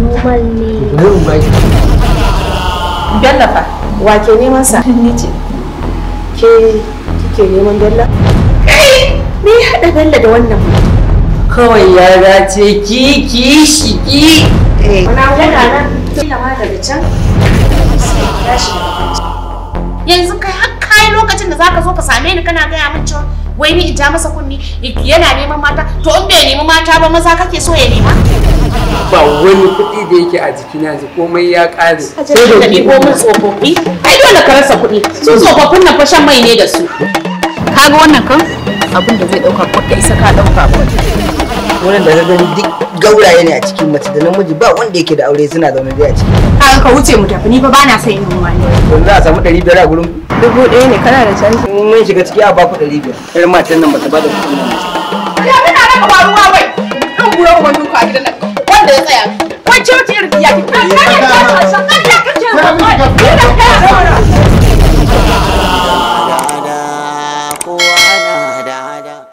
normal ne nan ba ki dalla fa wa ke neman sa ni ce ke kike neman dalla kai me ya da wannan kawai ya dace ki ki shi ki eh, na nan kila ma daga can yanzu za ka zo ka same ni kana gaya min cewa wai ni in ja masa kunni yana neman mata to in bai nemi mata ba maza kake so ya nema ba wani kuɗi da yake a jikina yanzu komai ya ƙare sai da ko mun tsofaffi ai dole ka rasa kuɗi su tsofaffin nan fa shan mai ne da su kaga wannan kan abin da zai ɗauka ko isa ka ɗauka ba wurin da gani duk gauraye ne a cikin mace da namiji ba wanda yake da aure suna zaune dai a ciki kaga ka wuce mu tafi ni fa bana sai in wani yanzu za a samu biyar a gurin dubu ɗaya ne kana da canji mun shiga ciki a baku biyar. irin matan nan ba ta da kuɗi